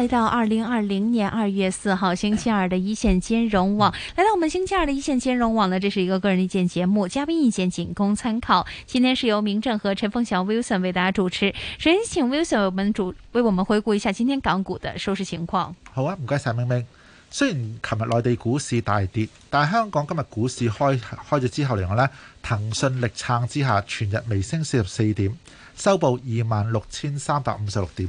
來到二零二零年二月四號星期二的一線金融網，來到我們星期二的一線金融網呢，這是一個個人意見節目，嘉賓意見僅供參考。今天是由明正和陳鳳祥 Wilson 為大家主持。首先請 Wilson 我們主為我們回顧一下今天港股的收市情況。好啊，唔該晒，明明。雖然琴日內地股市大跌，但係香港今日股市開開咗之後嚟講呢，騰訊力撐之下，全日微升四十四點，收報二萬六千三百五十六點。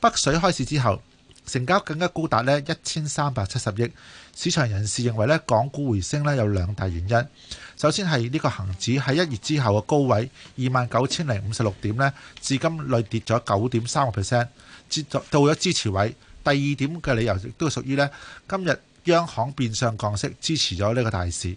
北水開市之後。成交更加高達咧一千三百七十億，市場人士認為咧港股回升咧有兩大原因，首先係呢個恒指喺一月之後嘅高位二萬九千零五十六點咧，至今累跌咗九點三個 percent，至到到咗支持位。第二點嘅理由亦都屬於咧今日央行變相降息，支持咗呢個大市。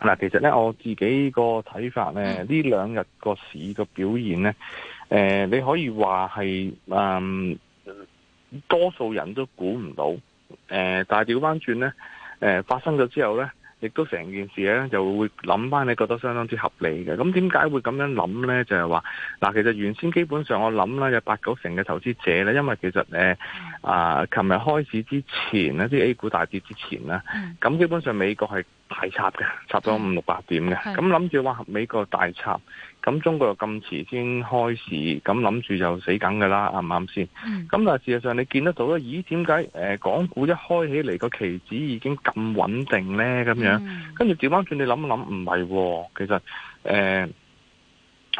嗱，其實咧我自己個睇法咧，呢兩日個市個表現咧，誒、呃、你可以話係，嗯，多數人都估唔到，誒、呃，但係調翻轉咧，誒發生咗之後咧。亦都成件事咧，就會諗翻，你覺得相當之合理嘅。咁點解會咁樣諗呢？就係話嗱，其實原先基本上我諗啦，有八九成嘅投資者咧，因為其實咧啊，呃、琴日開始之前呢，即係 A 股大跌之前呢，咁基本上美國係大插嘅，插咗五六百點嘅，咁諗住話美國大插。咁中國又咁遲先開始，咁諗住就死梗㗎啦，啱唔啱先？咁、嗯、但係事實上你見得到咧，咦？點解、呃、港股一開起嚟個期指已經咁穩定咧？咁樣、嗯、跟住調翻轉，你諗一諗，唔係喎，其實、呃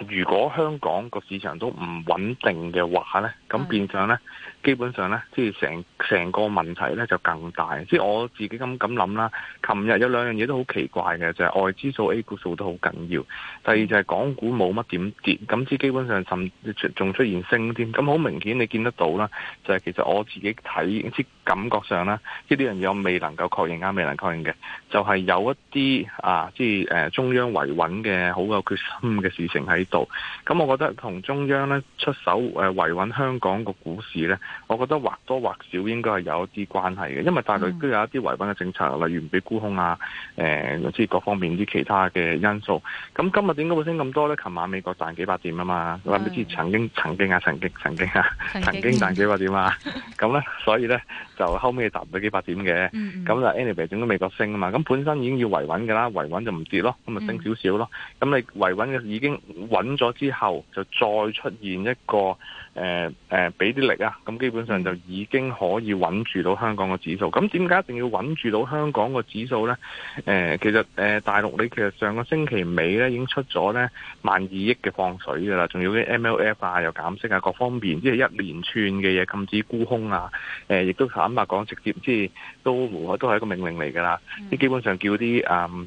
如果香港個市場都唔穩定嘅話呢，咁變相呢，的基本上呢，即係成成個問題呢就更大。即係我自己咁咁諗啦，琴日有兩樣嘢都好奇怪嘅，就係、是、外資數、A 股數都好緊要。第二就係港股冇乜點跌，咁即基本上甚至仲出現升添。咁好明顯你見得到啦，就係、是、其實我自己睇，即係感覺上啦，呢啲嘢我未能夠確認啊，未能確認嘅，就係、是、有一啲啊，即、啊、係中央維穩嘅好有決心嘅事情喺度咁，我覺得同中央咧出手誒、呃、維穩香港個股市咧，我覺得或多或少應該係有一啲關係嘅，因為大陸都有一啲維穩嘅政策，嗯、例如唔俾沽空啊，誒、呃、即各方面啲其他嘅因素。咁今日點解會升咁多咧？琴晚美國彈幾百點啊嘛，的你知曾經曾經啊，曾經曾經啊，曾經， 曾經彈幾百點啊，咁咧 所以咧就後尾達唔到幾百點嘅，咁、嗯、就 anyway 整到美國升啊嘛，咁本身已經要維穩㗎啦，維穩就唔跌咯，咁咪升少少咯。咁、嗯、你維穩嘅已經穩咗之後，就再出現一個誒誒，俾、呃、啲力啊！咁基本上就已經可以穩住到香港個指數。咁點解一定要穩住到香港個指數呢？誒、呃，其實誒、呃，大陸你其實上個星期尾咧，已經出咗呢萬二億嘅放水噶啦，仲要啲 MLF 啊，又減息啊，各方面，即、就、係、是、一連串嘅嘢，禁止沽空啊，誒、呃，亦都坦白講，直接即係都都係一個命令嚟噶啦。啲、嗯、基本上叫啲誒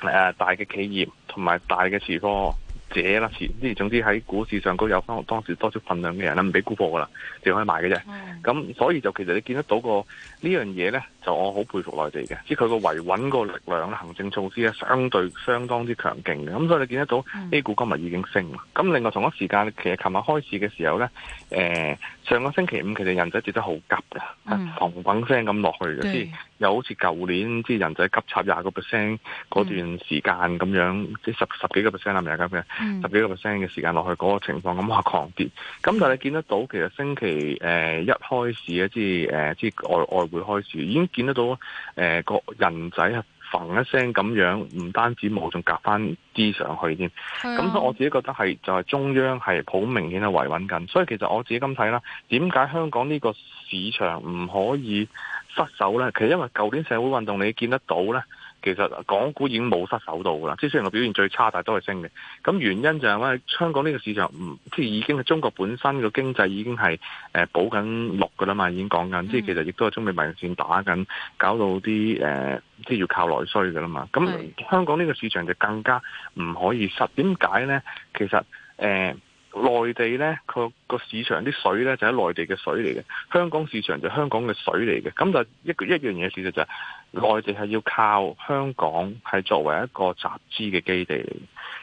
誒大嘅企業同埋大嘅持貨。借啦，前啲，總之喺股市上高有翻我當時多少份量嘅人啦，唔俾沽貨噶啦，淨可以買嘅啫。咁、mm. 所以就其實你見得到個樣呢樣嘢咧，就我好佩服內地嘅，即係佢個維穩個力量、行政措施咧，相對相當之強勁嘅。咁所以你見得到 A 股今日已經升啦。咁、mm. 另外同一時間，其實琴日開市嘅時候咧，誒、呃、上個星期五其實人仔跌得好急嘅，mm. 同滾聲咁落去嘅，即係、mm. 又好似舊年即係人仔急插廿個 percent 嗰段時間咁樣，mm. 即十十幾個 percent 啦，唔係咁嘅。Mm hmm. 十幾個 percent 嘅時間落去嗰、那個情況咁啊，狂跌。咁但係你見得到，其實星期誒一開始咧，即係誒即係外外匯開始，已經見得到誒個、呃、人仔啊，嘭一聲咁樣，唔單止冇，仲夾翻啲上去添。咁、mm hmm. 我自己覺得係，就係、是、中央係好明顯係維穩緊。所以其實我自己咁睇啦，點解香港呢個市場唔可以失守咧？其實因為舊年社會運動，你見得到咧。其實港股已經冇失手到啦，即係雖然我表現最差，但係都係升嘅。咁原因就係、是、咧，香港呢個市場唔即係已經係中國本身個經濟已經係誒補緊落噶啦嘛，已經講緊，即係、嗯、其實亦都係中美貿易戰打緊，搞到啲誒即係要靠內需噶啦嘛。咁是香港呢個市場就更加唔可以失。點解咧？其實誒內、呃、地咧，佢個市場啲水咧就喺內地嘅水嚟嘅，香港市場就香港嘅水嚟嘅。咁就是一個一樣嘢、就是，事實就係。內、嗯、地係要靠香港，係作為一個集資嘅基地嚟。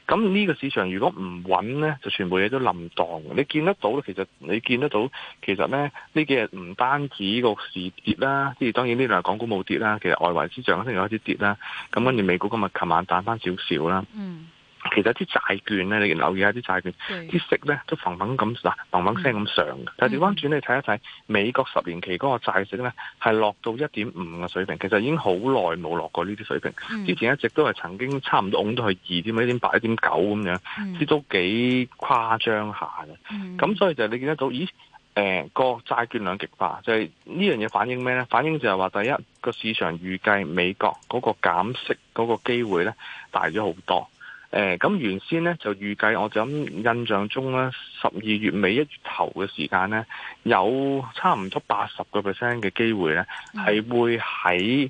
咁呢個市場如果唔穩呢，就全部嘢都冧檔。你見得到咧，其實你見得到，其實呢，呢幾日唔單止個市跌啦，即、就、係、是、當然呢兩日港股冇跌啦，其實外圍市場肯定有一啲跌啦。咁跟住美股今日琴晚彈翻少少啦。嗯。其實啲債券咧，你留意下啲債券啲息咧，都嘭嘭咁嗱，嘭嘭聲咁上嘅。但調翻轉你睇一睇美國十年期嗰個債息咧，係落到一點五嘅水平，其實已經好耐冇落過呢啲水平。之前一直都係曾經差唔多㧬到去二點一點八、一點九咁樣，都幾誇張下嘅。咁所以就你見得到，咦？誒個債券量極化，就係呢樣嘢反映咩咧？反映就係話第一個市場預計美國嗰個減息嗰個機會咧，大咗好多。誒咁，呃、原先咧就預計，我咁印象中咧，十二月尾一月頭嘅時間咧，有差唔多八十個 percent 嘅機會咧，係會喺誒，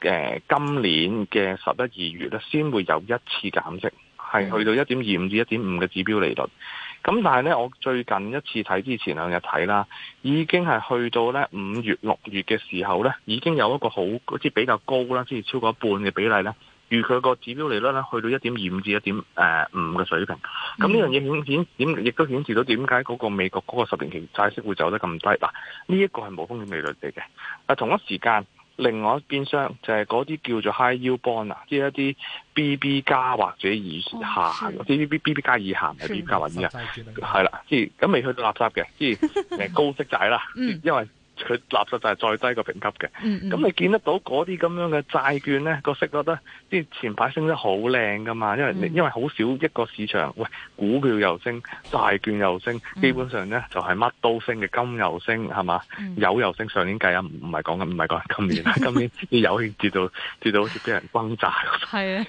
呃、今年嘅十一二月咧，先會有一次減息，係去到一點二五至一點五嘅指標利率。咁但係咧，我最近一次睇之前兩日睇啦，已經係去到咧五月六月嘅時候咧，已經有一個好，即係比較高啦，即係超過一半嘅比例咧。如佢個指標利率咧去到一點二五至一點誒五嘅水平，咁呢樣嘢顯顯點亦都顯示到點解嗰個美國嗰個十年期債息會走得咁低。嗱，呢一個係冇風險利率嚟嘅。啊，同一時間另外一邊廂就係嗰啲叫做 High Yield Bond 啊，即係一啲 BB 加或者以下，即係 BBB 加以下，唔係 B 加或者以下。係啦，即係咁未去到垃圾嘅，即係誒高息債啦，嗯、因為。佢垃圾就係再低個評級嘅，咁、嗯嗯、你見得到嗰啲咁樣嘅債券咧個息覺得，即係前排升得好靚噶嘛，因為、嗯、因為好少一個市場喂，股票又升，債券又升，嗯、基本上咧就係、是、乜都升嘅，金又升係嘛，油又、嗯、升，上年計啊唔係講唔係講今年 今年啲油跌到跌到好似俾人轟炸咁。係啊。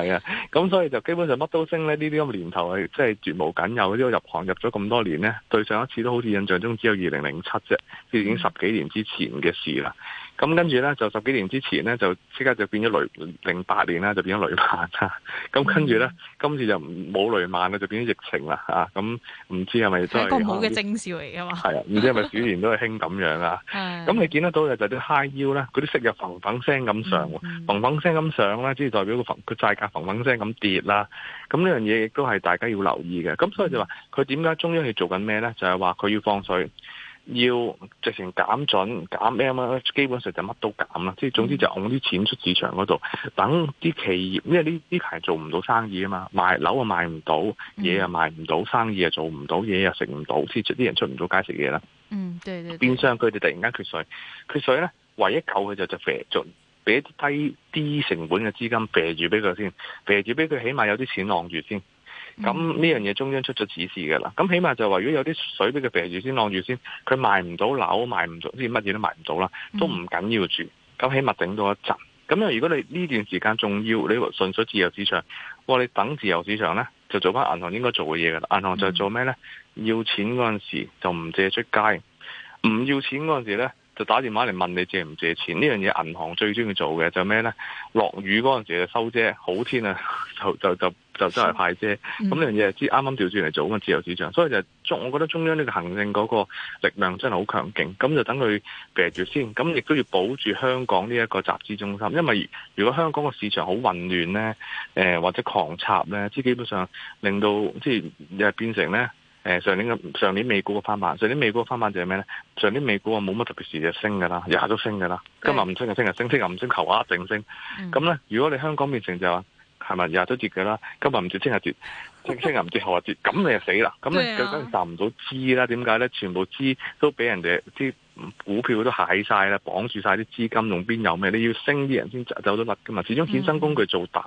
係啊，咁所以就基本上乜都升咧，呢啲咁嘅年頭係即係絕無僅有。呢個入行入咗咁多年呢，對上一次都好似印象中只有二零零七啫，即係已經十幾年之前嘅事啦。咁跟住咧，就十幾年之前咧，就即刻就變咗雷零八年啦，就變咗雷曼啦。咁跟住咧，今次就冇雷曼啦，就變咗疫情啦。咁唔知係咪真係好嘅徵兆嚟噶嘛？係啊，唔知係咪鼠年都係興咁樣啊？咁你見得到就啲 High 腰啦，嗰啲息日嘭嘭聲咁上，嘭嘭聲咁上啦，即係代表個房個債價嘭嘭聲咁跌啦。咁呢樣嘢亦都係大家要留意嘅。咁所以就話佢點解中央要做緊咩咧？就係話佢要放水。要直情減準減 M 基本上就乜都減啦。即係、嗯、總之就㧬啲錢出市場嗰度，等啲企業，因為呢呢排做唔到生意啊嘛，賣樓啊賣唔到，嘢啊賣唔到，生意又做唔到，嘢又食唔到，先出啲人出唔到街食嘢啦。嗯，對對，對。變相佢哋突然間缺水，缺水咧，唯一救佢就就肥咗，俾一啲低低成本嘅資金肥住俾佢先，肥住俾佢，起碼有啲錢晾住先。咁呢、嗯、樣嘢中央出咗指示嘅啦，咁起碼就話如果有啲水俾佢避住先晾住先，佢賣唔到樓賣唔到，啲乜嘢都賣唔到啦，都唔緊要住。咁起碼頂到一陣。咁因為如果你呢段時間仲要你純粹自由市場，我話你等自由市場呢，就做翻銀行應該做嘅嘢㗎啦。銀行就做咩呢？要錢嗰陣時就唔借出街，唔要錢嗰陣時呢。就打電話嚟問你借唔借錢？呢樣嘢銀行最中意做嘅就係咩呢？落雨嗰陣時就收遮，好天啊 就就就就真係派遮。咁呢樣嘢係知啱啱調轉嚟做啊自由市場。所以就中、是，我覺得中央呢個行政嗰個力量真係好強勁。咁就等佢避住先。咁亦都要保住香港呢一個集資中心，因為如果香港個市場好混亂呢、呃，或者狂插呢，即基本上令到即係、就是、變成呢。誒上、呃、年嘅上年美股嘅翻版，上年美股嘅翻版就係咩咧？上年美股啊冇乜特別事就升嘅啦，日日都升嘅啦。對今日唔升就聽日升，聽日唔升求下、啊、靜升。咁咧、嗯，如果你香港變成就話，係咪日日都跌嘅啦？今日唔跌，聽日跌，聽日唔跌，後日跌，咁你就死啦！咁你又肯定賺唔到資啦。點解咧？全部資都俾人哋啲股票都蟹晒啦，綁住晒啲資金，用邊有咩？你要升啲人先走得咗甩嘅嘛。始終衍生工具做淡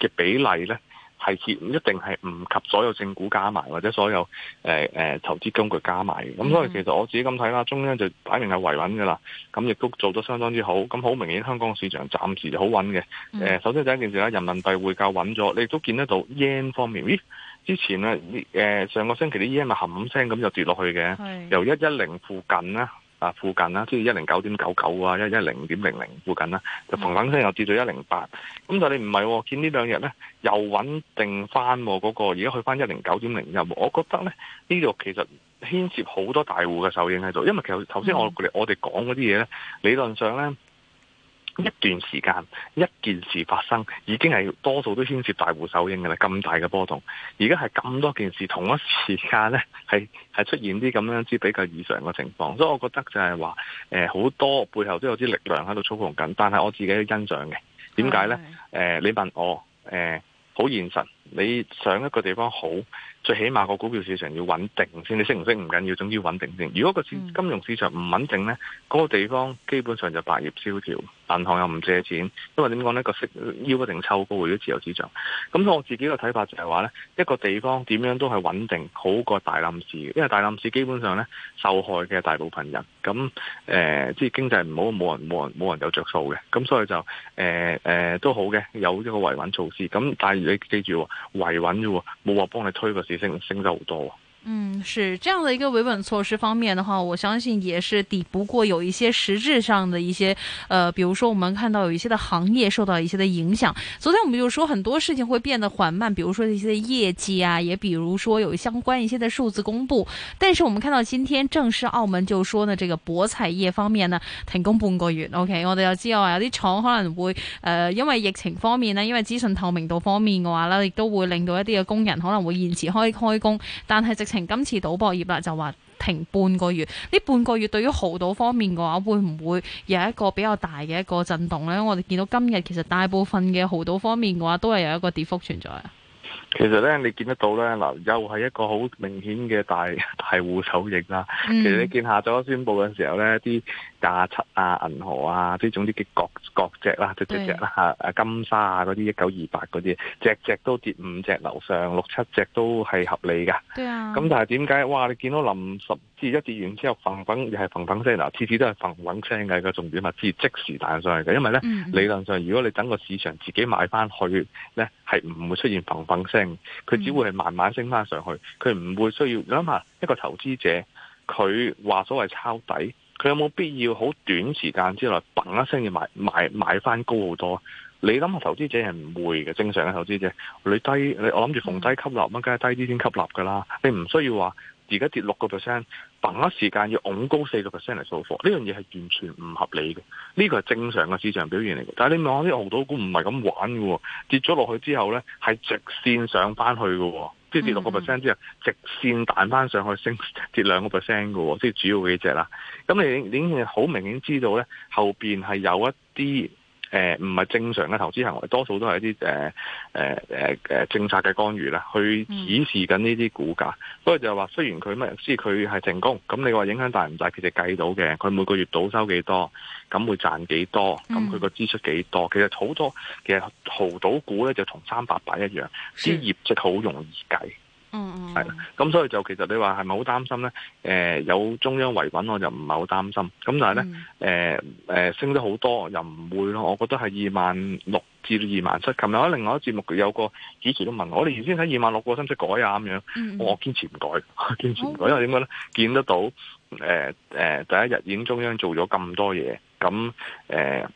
嘅比例咧。嗯係協一定係唔及所有正股加埋，或者所有誒誒，呃、投資工具加埋。咁所以其實我自己咁睇啦，中央就擺明係維穩嘅啦。咁亦都做得相當之好。咁好明顯，香港市場暫時好穩嘅。誒，呃，首先第一件事啦，人民幣匯價穩咗，你都見得到 yen 方面。咦，之前咧誒，呃、上個星期啲 yen 咪冚聲咁就跌落去嘅，的由一一零附近咧。附近啦，即係一零九點九九啊，一一零點零零附近啦，就嘭嘭聲又跌咗一零八，咁但係你唔係、哦，見兩呢兩日咧又穩定翻嗰、那個，而家去翻一零九點零一，我覺得咧呢度其實牽涉好多大戶嘅手影喺度，因為其實頭先我、嗯、我哋講嗰啲嘢咧，理論上咧。一段時間一件事發生，已經係多數都牽涉大戶手影嘅啦。咁大嘅波動，而家係咁多件事同一時間呢係係出現啲咁樣之比較異常嘅情況。所以我覺得就係話，誒、呃、好多背後都有啲力量喺度操控緊。但係我自己係欣賞嘅，點解呢？誒是、呃，你問我，誒、呃，好現實，你想一個地方好，最起碼個股票市場要穩定先。你識唔識唔緊要，總之要穩定先。如果個金融市場唔穩定呢，嗰、嗯、個地方基本上就百業蕭條。銀行又唔借錢，因為點講呢個息腰一定抽高，會有自由市場。咁我自己個睇法就係話呢，一個地方點樣都係穩定好過大冧市，因為大冧市基本上呢，受害嘅大部分人。咁誒，即、呃、係經濟唔好，冇人冇人冇人有着數嘅。咁所以就誒誒、呃呃、都好嘅，有一個維穩措施。咁但係你記住，維穩啫，冇話幫你推個市升升得好多。嗯，是這樣的一個維穩措施方面的話，我相信也是抵不過有一些實質上的一些，呃，比如說我們看到有一些的行業受到一些的影響。昨天我們就說很多事情會變得緩慢，比如說一些的業績啊，也比如說有相關一些的數字公布。但是我們看到今天，正式澳門就說呢，這個博彩業方面呢停工半個月。OK，我哋要知道啊，有啲廠可能會，呃，因為疫情方面呢，因為基層透明度方面的話咧，亦都會令到一啲嘅工人可能會延遲開開工，但係直。停今次賭博業啦，就話停半個月。呢半個月對於濠賭方面嘅話，會唔會有一個比較大嘅一個震動呢？我哋見到今日其實大部分嘅濠賭方面嘅話，都係有一個跌幅存在。其實呢，你見得到呢，嗱又係一個好明顯嘅大大戶效應啦。其實你見下咗宣布嘅時候呢啲。價七啊，銀河啊，即係總之幾各各隻啦，啊，隻隻隻啦吓，阿、啊、金沙啊，嗰啲一九二八嗰啲，隻隻都跌五隻樓上六七隻都係合理噶。咁、啊、但係點解？哇！你見到林十，至一跌完之後，嘭嘭又係嘭嘭聲嗱，次次都係嘭嘭聲嘅個重點，咪即係即時彈上去嘅。因為咧，嗯、理論上如果你等個市場自己買翻去咧，係唔會出現嘭嘭聲，佢只會係慢慢升翻上去，佢唔會需要諗下一個投資者，佢話所謂抄底。佢有冇必要好短時間之內嘣一聲要買買買翻高好多？你諗下，投資者係唔會嘅，正常嘅投資者，你低你我諗住逢低吸納，咁梗係低啲先吸納㗎啦。你唔需要話而家跌六個 percent，嘣一時間要拱高四個 percent 嚟掃貨，呢樣嘢係完全唔合理嘅。呢、這個係正常嘅市場表現嚟嘅。但係你望下啲濠賭股唔係咁玩㗎喎，跌咗落去之後咧係直線上翻去㗎喎。即係跌六個 percent 之後，直線彈翻上去升跌兩個 percent 嘅，即係、哦就是、主要幾隻啦。咁你已經係好明顯知道咧，後邊係有一啲。誒唔係正常嘅投資行為，多數都係一啲誒誒誒誒政策嘅干預啦，去指示緊呢啲股價。不過、嗯、就係話，雖然佢乜知佢係成功，咁你話影響大唔大？其實計到嘅，佢每個月賭收幾多，咁會賺幾多，咁佢個支出幾多，、嗯、多？其實好多其實豪賭股咧，就同三百板一樣，啲是業績好容易計。嗯係啦，咁 所以就其實你話係咪好擔心咧？誒、呃，有中央維穩我就唔係好擔心，咁但係咧，誒誒、mm. 呃呃、升得好多又唔會咯，我覺得係二萬六至二萬七。琴日喺另外一節目有個主持都問我，你原先睇二萬六過，使唔使改啊？咁樣、mm.，我堅持唔改，堅持唔改，Okay. 因為點解咧？見得到誒誒、呃呃，第一日已經中央做咗咁多嘢，咁、嗯、誒。呃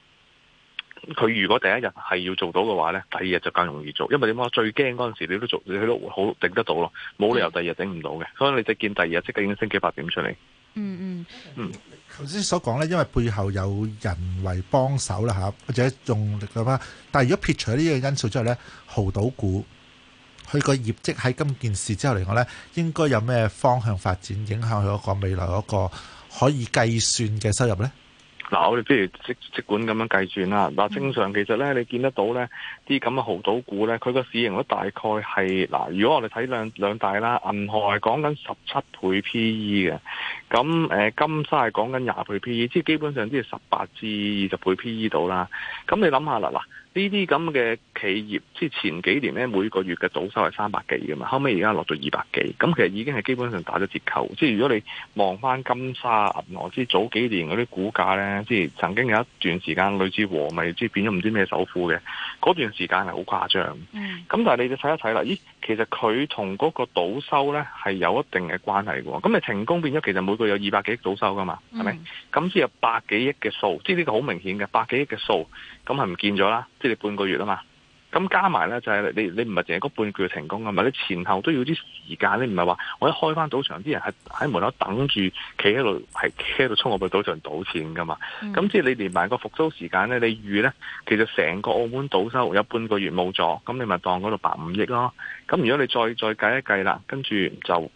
佢如果第一日係要做到嘅話呢，第二日就更容易做。因為點解？最驚嗰陣時你都做，你都好頂得到咯，冇理由第二日頂唔到嘅。所以你就見第二日即刻已經升幾百點出嚟，嗯。嗯嗯嗯，頭先所講呢，因為背後有人為幫手啦吓，或者用力咁啦。但係如果撇除呢個因素之後呢，豪賭股佢個業績喺今件事之後嚟講呢，應該有咩方向發展，影響佢嗰個未來嗰個可以計算嘅收入呢？嗱、啊，我哋不如即即管咁樣計算啦。嗱、啊，正常其實咧，你見得到咧，啲咁嘅豪賭股咧，佢個市盈率大概係嗱、啊，如果我哋睇兩兩大啦，銀河係講緊十七倍 P E 嘅，咁誒、呃，金沙係講緊廿倍 P E，即係基本上都係十八至二十倍 P E 到啦。咁你諗下啦，嗱、啊。呢啲咁嘅企業，即係前幾年咧，每個月嘅賭收係三百幾嘅嘛，後尾而家落到二百幾，咁其實已經係基本上打咗折扣。即係如果你望翻金沙銀河，之早幾年嗰啲股價咧，即係曾經有一段時間類似和美，即係變咗唔知咩首富嘅嗰段時間係好誇張。咁、mm. 但係你就睇一睇啦，咦，其實佢同嗰個賭收咧係有一定嘅關係喎。咁你成功變咗，其實每個有二百幾億賭收㗎嘛，係咪？咁先、mm. 有百幾億嘅數，即係呢個好明顯嘅百幾億嘅數，咁係唔見咗啦。半個月啊嘛，咁、嗯、加埋咧就係你，你唔係淨係嗰半個月成功啊嘛。你前後都要啲時間，你唔係話我一開翻賭場啲人係喺門口等住，企喺度係企喺度衝我去賭場賭錢噶嘛，咁即係你連埋個復甦時間咧，你預咧，其實成個澳門賭收有半個月冇咗，咁你咪當嗰度百五億咯，咁如果你再再計一計啦，跟住就。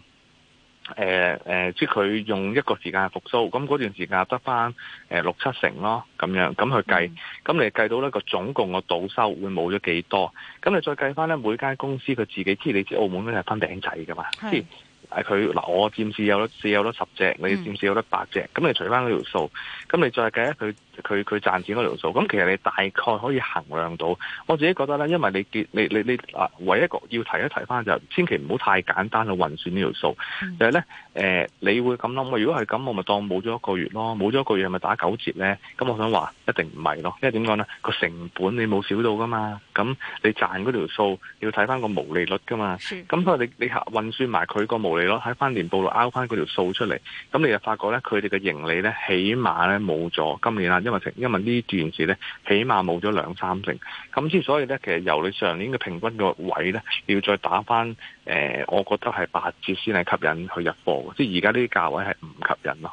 誒誒、呃呃，即係佢用一個時間復甦，咁嗰段時間得翻誒六七成咯，咁樣咁去計，咁、嗯、你計到呢個總共個賭收會冇咗幾多？咁你再計翻呢，每間公司佢自己，即係你知澳門咧係分餅仔噶嘛？即係佢嗱，我暫時有得，只有得十隻，你暫時有得八隻，咁、嗯、你除翻嗰條數，咁你再計咧佢。佢佢賺錢嗰條數，咁其實你大概可以衡量到。我自己覺得咧，因為你結你你你唯一個要提一提翻就是，千祈唔好太簡單去運算呢條數。嗯、就係咧，誒、呃，你會咁諗，如果係咁，我咪當冇咗一個月咯，冇咗一個月係咪打九折咧？咁我想話一定唔係咯，因為點講咧？個成本你冇少到噶嘛，咁你賺嗰條數你要睇翻個毛利率噶嘛。咁所以你你運算埋佢個毛利率，睇翻年報度 out 翻嗰條數出嚟，咁你就發覺咧，佢哋嘅盈利咧，起碼咧冇咗今年啊。因為因為呢段時，咧，起碼冇咗兩三成。咁之所以咧，其實由你上年嘅平均個位咧，要再打翻誒、呃，我覺得係八折先係吸引去入貨嘅。即係而家呢啲價位係唔吸引咯。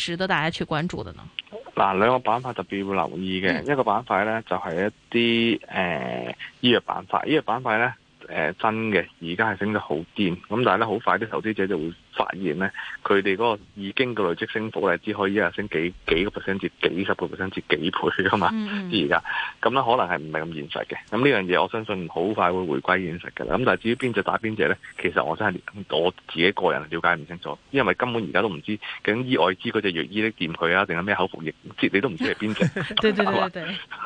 值得大家去關注的呢？嗱，兩個板塊特別要留意嘅，嗯、一個板塊呢，就係、是、一啲誒醫藥板塊，醫藥板塊呢，誒、呃、真嘅而家係升得好癲，咁但係呢，好快啲投資者就會。發現咧，佢哋嗰個已經嘅累積升幅咧，只可以一日升幾幾個 percent 至幾十個 percent 至幾倍啊嘛，即、嗯、而家咁咧，可能係唔係咁現實嘅？咁呢樣嘢，我相信好快會回歸現實嘅啦。咁但係至於邊隻打邊隻咧，其實我真係我自己個人了解唔清楚，因為根本而家都唔知，究竟依外資嗰隻藥醫得掂佢啊，定係咩口服液？即你都唔知係邊隻係嘛？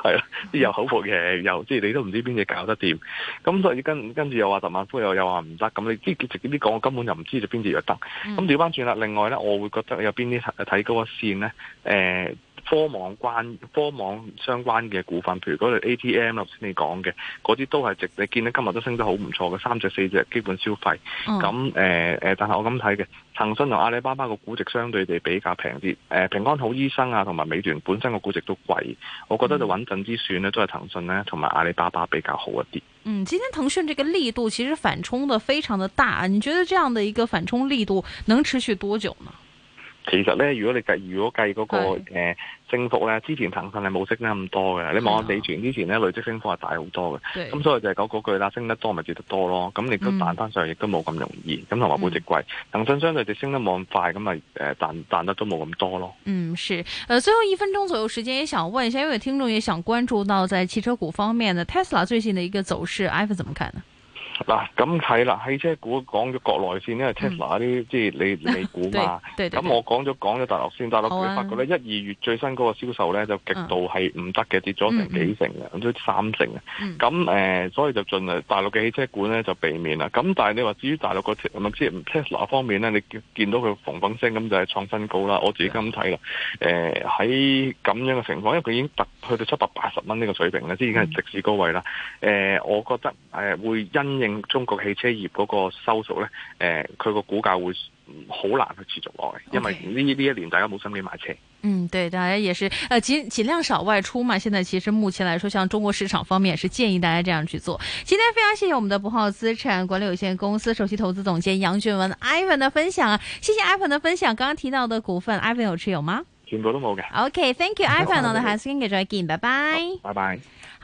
係啦， 啲 又口服嘅，又即係你都唔知邊隻搞得掂。咁所以跟跟住又話特敏福又又話唔得，咁你呢直接啲講，我根本就唔知邊隻藥。咁調翻轉啦，另外咧，我會覺得有邊啲睇嗰個線咧？呃科網關科網相關嘅股份，譬如嗰度 ATM 頭先你講嘅，嗰啲都係值你見咧，今日都升得好唔錯嘅，三隻四隻基本消費。咁，誒誒，但係我咁睇嘅，騰訊同阿里巴巴個估值相對地比較平啲。誒、呃，平安好醫生啊，同埋美團本身個估值都貴，我覺得就穩陣之選呢，都係騰訊呢，同埋阿里巴巴比較好一啲。嗯，今天騰訊這個力度其實反衝得非常的大，你覺得這樣的一個反衝力度能持續多久呢？其實咧，如果你計，如果計嗰、那個誒、呃、升幅咧，之前騰訊係冇升得咁多嘅。的你望下美團之前咧累積升幅係大好多嘅。咁對所以就係講嗰句啦，升得多咪跌得多咯。咁你都彈翻上亦都冇咁容易。咁同埋估值貴，騰訊相對就升得冇咁快，咁咪誒彈彈得都冇咁多咯。嗯，是。呃，最後一分鐘左右時間，也想問一下，有位聽眾也想關注到在汽車股方面呢 Tesla 最近的一個走勢，n e 怎麼看呢？嗱咁係啦，汽車股講咗國內線，因為 Tesla 啲即係你你股嘛。咁我講咗講咗大陸先，大陸佢發覺咧，一二月最新嗰個銷售咧就極度係唔得嘅，跌咗成幾成嘅，三成嘅。咁誒、嗯嗯，所以就盡量大陸嘅汽車股咧就避免啦。咁但係你話至於大陸個咁啊，即係 Tesla 方面咧，你見到佢逢嘭聲咁就係創新高啦。我自己咁睇啦，喺、呃、咁樣嘅情況，因為佢已經達去到七百八十蚊呢個水平咧，即已經係歷史高位啦。誒、呃，我覺得會因中國汽車業嗰個收縮咧，誒、呃，佢個股價會好難去持續落去，因為呢呢一年大家冇心機買車。Okay. 嗯，對，大家也是，呃盡盡量少外出嘛。現在其實目前來說，像中國市場方面，也是建議大家這樣去做。今天非常謝謝我們的博浩資產管理有限公司首席投資總監楊俊文 Ivan 的分享啊，謝謝 Ivan 的分享。剛剛提到的股份，Ivan 有持有嗎？全部都冇嘅。OK，Thank you，Ivan，我哋下星期再見，拜拜、okay，拜拜。